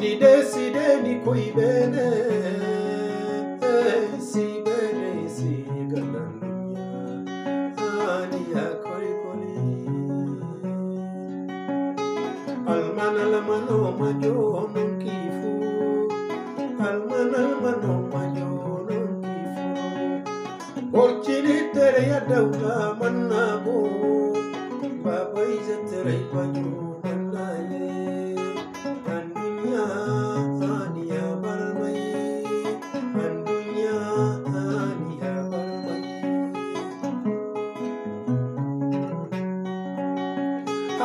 Nide side ni koi bene Si bene si gananunya Aniya koi koni Almana lamano majo nunkifu Almana lamano majo nunkifu ni tere ya dawla manna Babai zatere bajo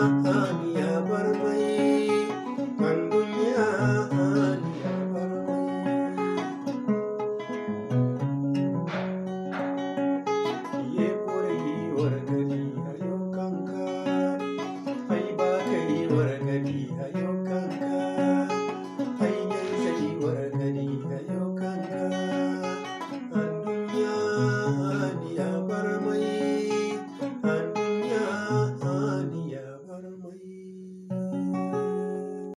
uh, uh.